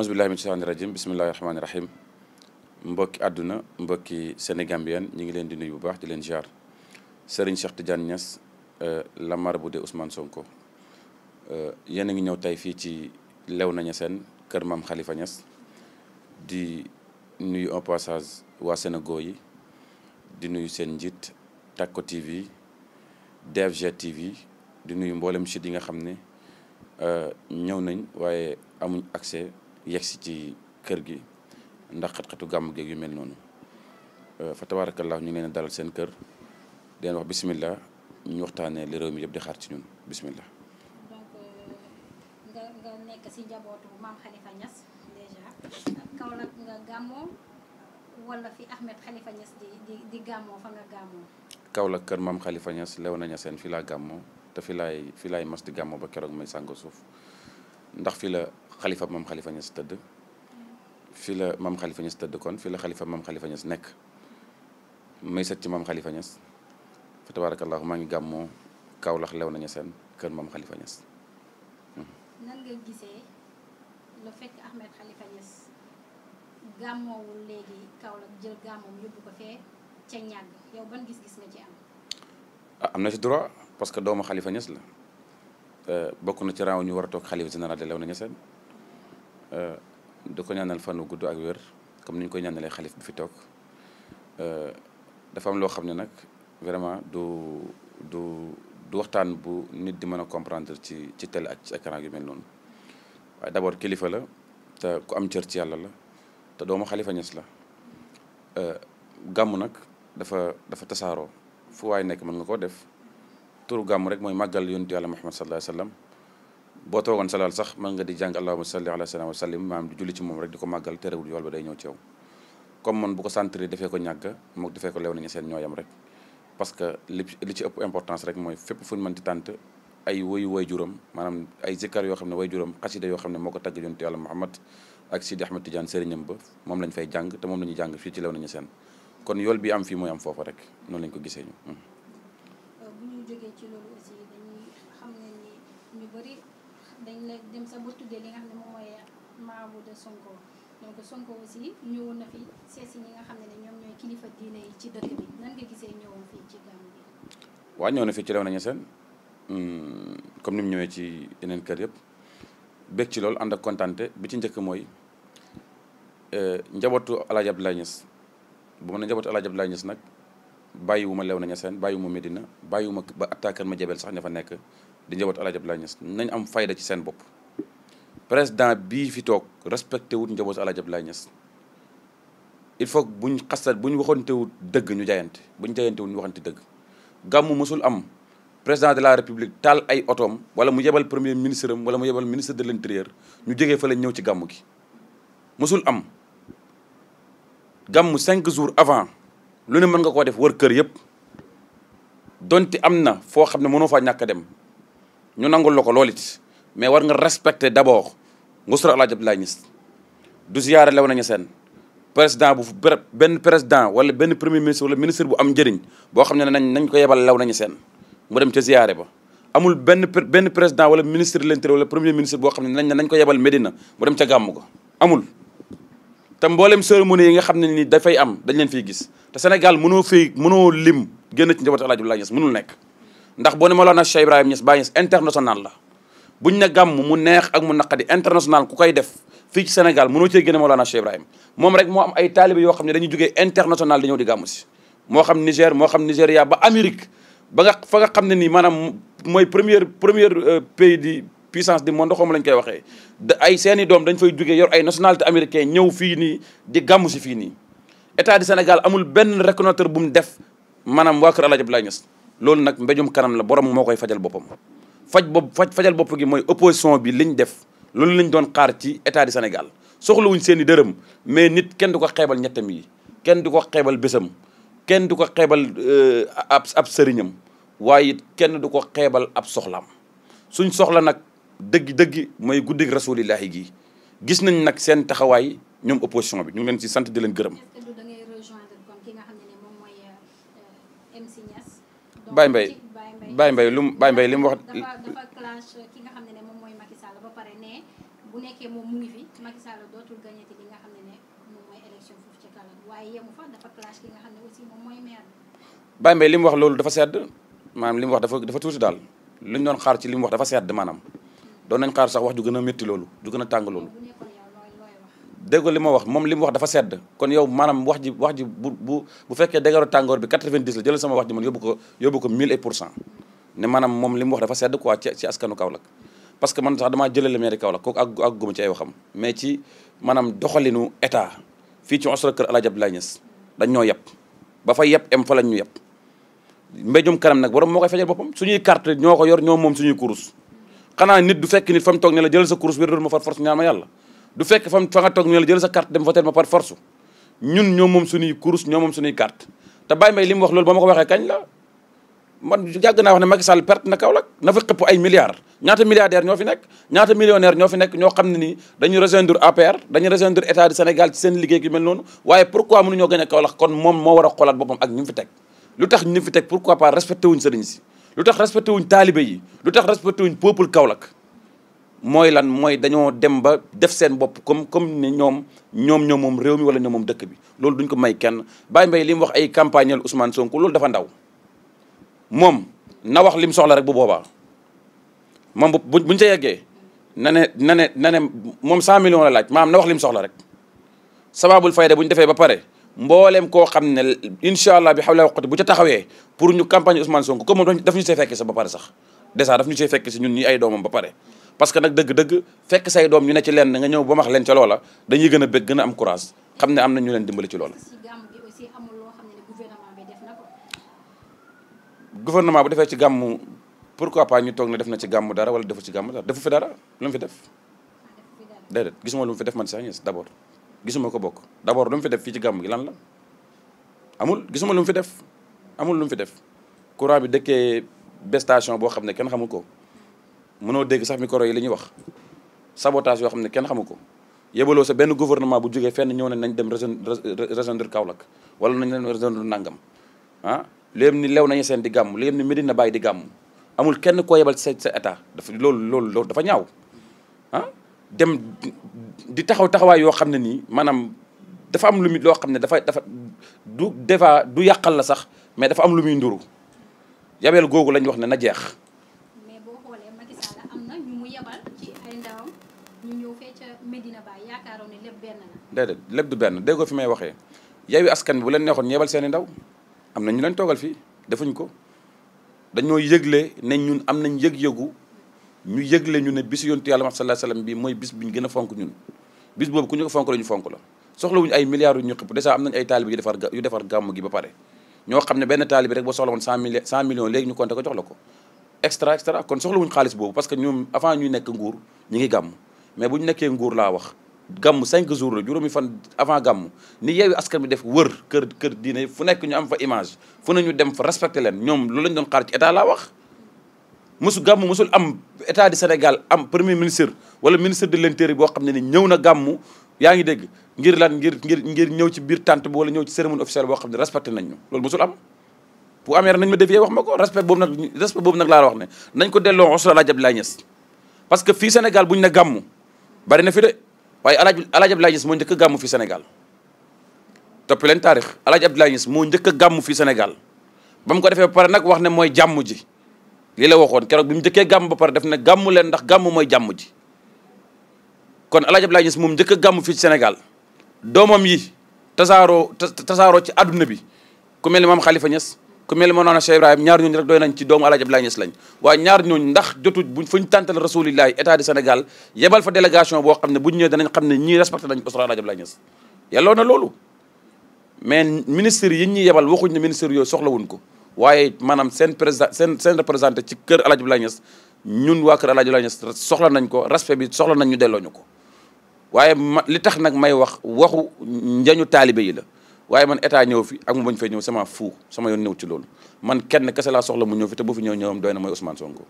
aousubillahi min shaytaani rajim bismillahi rahmaani rahim mbokki àdduna mbokki sénégambien ñi ngi leen di nuy bu baax di leen jaar Serigne Cheikh Tidiane Niass euh, la marabout de Ousmane Sonko euh, yéen a ngi ñëw tey fii ci Léona Niassène kër Maam xalifa ñas di nuyu en passage waa Sénégal yi di nuyu seen njiit Tacko TV DFG TV di nuyu mboolem site yi nga xam ne euh, ñëw nañ waaye amuñ accès yegsi ci kër gi ndax xat-xatu gàmm geeg yu mel noonu euh, fa tabarakallah ñu ngi leen seen kër di leen wax bisimilah ñu waxtaanee li réew mi yëpp di xaar ci ñun bisimilah. donc euh, nga nga nekk si njabootu kaw nag kër maam Khalifa Niass lew na Niassène fi laa gàmmoo te fi laay fi laay mas di gàmmoo ba keroog may sàngo suuf ndax fi xalifa maam xalifa ñas tëdd fi la maam xalifa ñas tëdd kon fi la xalifa maam xalifa ñas nekk may set ci maam xalifa ñas fa tabaarakallaahu maa ngi gàmmoo Kaolack lew nañu seen kër maam xalifa ñas hmm. nan nga gisee le fait que Ahmed Khalifa Niass gàmmoowul léegi Kaolack jël gàmmoom yóbbu ko fee ca ñàgg yow ban gis-gis nga ci am. ah am na ci droit parce que doomu xalifa Niass la euh, bokk na ci rang ñu war a toog Khalifa général de Euh, du ko ñaanal fanu gudd ak wér comme ni ñu koy ñaanalee xalif bu fi toog euh, dafa am loo xam ne nag vraiment du du du waxtaan bu nit di mën a comprendre ci ci télé ak ci écran yu mel noonu waaye kilifa la te ku am cër ci yàlla la te doomu xalifa ñes la euh, gàmm nag dafa dafa tasaaroo fu waay nekk mën nga koo def turu gàmm rek mooy màggal yontu yàlla Muhammad sallallahu alayhi wa boo toogoon salaal sax mën nga di jàng allahumma salli ala sayyidina wa sallim maam di julli ci moom rek di ko màggal terewul yool ba day ñëw ci comme man bu ko centré defee ko ñàgg mook defee ko lew nañu seen ñooyam rek parce que li li ci ëpp importance rek mooy fépp fu ñu mën di tànt ay woyu woy juróom maanaam ay zikkar yoo xam ne way juróom xasida yoo xam ne moo ko tagg yonte yàlla Muhammad ak Sidi Ahmed Tidiane sëriñam ba moom lañ fay jàng moom la ñuy jàng fii ci lew nañu seen kon yool bi am fii mooy am foofa rek noonu lañ ko gisee ñu euh, dañ la dem sa ba tuddee li nga xam ne moom mooy marabout de Sonko donc Sonko aussi ñëwoon na fi seet si ñi nga xam ne ñoom ñooy kilifa diine yi ci dëkk bi nan nga gisee ñëwoon fii ci Gambie. waaw ñëw na fii ci Léona Niassène hmm, comme ni mu ñëwee ci yeneen kër yëpp bég ci loolu ànd ak kontante bi ci njëkk mooy euh, njabootu El Hadj Abdoulaye Niass bu ma ne njabootu El Hadj Abdoulaye Niass nag bàyyiwuma Léona Niassène bàyyiwuma Medina bàyyiwuma ba attaquer ma jebel sax ña fa nekk. di njabootu El Hadj Abdoulaye Niass nañ am fayda ci seen bopp président bii fi toog respecté wut njabootu El Hadj Abdoulaye Niass il faut buñ xasal buñ waxante wut dëgg ñu jaayante buñ jaayante wut ñu waxante dëgg gàmmu mësul am président de la république taal ay otoom wala mu yebal premier ministre am wala mu yebal ministre de l'intérieur ñu jógee fa la ñëw ci gàmmu gi mësul am gàmmu cinq jours avant lu ne mën nga koo def wër kër yëpp donte am na foo xam ne mënoo faa ñàkk a dem ñu nangul la ko lool mais war nga respecter d'abord ngusura El Hadj Abdoulaye Niass du ziyaare Léona Niassène président bu benn président wala benn premier ministre wala ministre bu am njëriñ boo xam ne nañ nañ ko yebal Léona Niassène mu dem ca ziyaare amul benn benn président wala ministre de l'intérieur wala premier ministre boo xam ne nañ nañ ko yebal Medina mu dem ca gàmmu ga amul. te mbooleem mboolem cérémonie yi nga xam ne nii dafay am dañ leen fiy gis te Sénégal mënoo fii mënoo lim génn ci njabootu El Hadj Abdoulaye Niass mënul nekk. ndax boo ne Mawlana Cheikh Ibrahima Niass Baye Niass international la buñ ne gàmm mu neex ak mu naqadi international ku koy def fii ci Sénégal mënoo cee génne Mawlana Cheikh Ibrahima moom rek moo am ay taalibe yoo xam ne dañuy jógee international di ñëw di gàmm si moo xam Niger moo xam Nigéria ba Amérique ba nga fa nga xam ne nii maanaam mooy première première euh, pays di puissance du monde xawma lañ koy waxee ay seeni doom dañ fay jógee yor ay nationalité américain ñëw fii nii di gàmm si fii nii état du Sénégal amul benn reconnaître bu mu def maanaam waa kër El Hadj Abdoulaye Niass loolu nag mbéjum kanam la borom moo koy fajal boppam faj bopp faj fajal bopp gi mooy opposition bi liñ def loolu lañ doon xaar ci état du Sénégal soxlawuñ seeni dërëm mais nit kenn du ko xeebal ñettam yi kenn du ko xeebal bésam kenn du ko xeebal euh, ab ab sëriñam waaye it kenn du ko xeebal ab soxlaam suñ soxla nag dëgg-dëgg mooy guddig rasulillahi gi gis nañ nag seen taxawaay ñoom opposition bi ñu ngi leen ci sant di leen gërëm Baye Mbaye Baye Mbaye lu mu Baye Mbaye mu wax. dafa dafa ki nga xam ne moom mooy Macky Sall ba pare ne bu nekkee moom mu ngi fi Macky Sall dootul gagné li nga xam ne moom mooy élection foofu ci kàlla waaye yemu fa dafa clash ki nga xam ne aussi moom mooy maire wax loolu dafa sedd maanaam li mu wax dafa dafa tuuti daal lu ñu doon xaar ci li mu wax dafa sedd maanaam doon nañ xaar sax wax ju gën a métti loolu ju gën a tàng loolu. déggoo li ma wax moom li mu wax dafa sedd kon yow maanaam wax ji wax ji bu bu fekkee fekkee dégaru tàngoor bi 90 la jëlal sama wax ji man yóbbu ko yóbbu ko 1000 pour cent ne maanaam moom li mu wax dafa sedd quoi ci ci askanu Kaolack parce que man sax damaa jëlale maire Kaolack kooku ak mais ci maanaam doxalinu état fii ci osra kër El Hadj Abdoulaye Niass dañ ñoo yeb ba fa yeb em fa lañ ñu ko yor ñoo moom suñuy kurus xanaa nit du fekk nit fa mu toog ne sa kurus bi doon ma far force ñaan ma yàlla du fekk fam fa nga toog ñu la jël sa carte dem voter ma par force ñun ñoo moom suñuy course ñoo moom suñuy carte te Baye may li mu wax lool ba ma ko waxee kañ la man yàgg naa wax ne Macky Sall perte na Kaolack na fa xëpp ay milliards ñaata milliardaire ñoo fi nekk ñaata millionnaire ñoo fi nekk ñoo xam ne nii dañu rejoindre APR dañu rejoindre état du Sénégal ci seen liggéey yu mel noonu waaye pourquoi mënuñoo gagné Kaolack kon moom moo war a xoolaat boppam ak ñu fi teg lu tax ñu fi teg pourquoi pas respecté wuñ sëriñ si lu tax respecté wuñ taalibe yi lu tax respecté wuñ peuple mooy lan mooy dañoo dem ba def seen bopp comme comme ne ñoom ñoom ñoom moom réew mi wala ñoom moom dëkk bi loolu duñ ko may kenn baa mbay li mu wax ay campagne al Ousmane Sonko loolu dafa ndaw moom na li mu soxla rek bu boobaa moom bu buñ ca yeggee na ne na na ne moom 100 millions la laaj maam na wax li mu soxla rek sababul fayda bu ñu defee ba pare mbooleem koo xam ne incha allah bi xawla waqti bu ca taxawee pour ñu campagne Ousmane Sonko comme moom daf ñu see fekk si ba pare sax dèjà daf ñu see fekk si ñun ñi ay doomam ba pare parce que nag dëgg-dëgg fekk say doom ñu ne ci lenn nga ñëw ba max leen ca loola dañuy gën a bëgg gën am courage xam ne am na ñu leen dimbali ci loola. gouvernement bu defee ci gàmmu pourquoi pas ñu toog ne def na ci gàmmu dara wala defu ci gàmmu dara defu fi dara lum fi def. Ah, déedéet gisuma lu fi def man Cheikh Niass d'abord gisuma ko bokk d'abord lu mu fi def fii ci gàmm gi lan la amul gisuma lu mu fi def amul lum fi def courant bi dëkkee bestation boo xam ne kenn xamul ko. mënoo dégg sax micro yi li ñuy wax sabotage yoo xam ne kenn xamu ko yebaloo sa benn gouvernement bu jógee fenn ñëw ne nañ dem rejoindre Kaolack wala nañ leen rejoindre Nangam ah léem ni lew nañu seen di gàmm léem ni Medina Baye di gàmm amul kenn koo yebal sa sa état dafa loolu loolu loolu dafa ñaaw ah dem di taxaw taxawaay yoo xam ne nii maanaam dafa am lu muy loo xam ne dafa dafa du débat du yàqal la sax mais dafa am lu muy nduru yabeel googu lañ wax ne na jeex yebal ci ay ndawam ñu ñëw fee ca Medina Baye yaakaaroon ne lépp benn la. déedéet lépp du benn déggoo fi may waxee Yewwi Askan Wi bu leen neexoon yebal seen ndaw am na ñu leen toogal fii defuñ ko dañoo yëgle ne ñun am nañ yëg-yëgu ñu yëgle ñu ne bisu yontu yàlla ma sallallahu alayhi wasallam bi mooy bis bu ñu gën a fonk ñun bis boobu ku ñu ko fonk la ñu fonk la soxlawuñu ay milliards yu ñu xipp déjà am nañu ay taalib yu defar yu gi ba pare ñoo xam ne benn taalib rek ba soxla woon cent millions léegi ñu compté ko jox la extra extra kon soxla wuñ xaalis boobu parce que ñoom avant ñu nekk nguur ñi ngi gàmm mais bu ñu nekkee nguur laa wax gàmm cinq jours la juróomi fan avant gàmm ni yeewi askan bi def wër kër kër diine fu nekk ñu am fa image fu ne ñu dem fa respecté leen ñoom loolu lañ doon xaar ci état laa wax mosu gàmm musul am état du Sénégal am premier ministre wala ministre de l'intérieur boo xam ne ni ñëw na gàmm yaa ngi dégg ngir lan ngir ngir ngir ñëw ci biir tant boo wala ñëw ci cérémonie officielle boo xam ne respecté nañ ñu loolu mosul bu amee nañ ma dévier wax ma ko respect boobu nag respect boobu nag laa wax ne nañ ko delloo Ousseyn Alaaji lay Niass parce que fii Sénégal buñ ne gàmmu bari na fi de waaye Alaaji Alaaji Abdoulaye Niass moo njëkk a gàmmu fii Sénégal topp leen taarix Alaaji Abdoulaye Niass moo njëkk a gàmmu fii Sénégal ba mu ko defee ba pare nag wax ne mooy jàmm ji lii la waxoon keroog bi njëkkee gàmm ba pare def ne gàmmu leen ndax mooy jàmm ji kon Alaaji Abdoulaye Niass moom njëkk a gàmm fii Sénégal doomam yi tasaaroo tasaaroo ci àdduna bi ku mel ni maam xalifa Niass ku mel ma noona Cheikh Ibrahima ñaar ñooñu rek doy nañ ci doomu El Hadj Abdoulaye Niass lañ waaye ñaar ñooñu ndax jotut buñ fuñ tàntal rasulillahi état du Sénégal yebal fa délégation boo xam ne buñ ñëwee danañ xam ne ñii respecté nañ postura El Hadj Abdoulaye Niass loolu mais ministres yi ñuy yebal waxuñ ne ministres yooyu soxlawuñ ko waaye maanaam seen président seen seen représenté ci kër El Hadj Abdoulaye Niass ñun waa kër El Hadj Abdoulaye Niass soxla nañ ko respect bi soxla nañ ñu ko waaye li tax nag may wax waxu njañu taalibe yi la waaye man état ñëw fi ak mu bañ fay ñëw sama fuu sama yoon ñëw ci man kenn kese laa soxla mu ñëw fi te bu fi ñëw ñëwam doy na mooy Ousmane Sonko.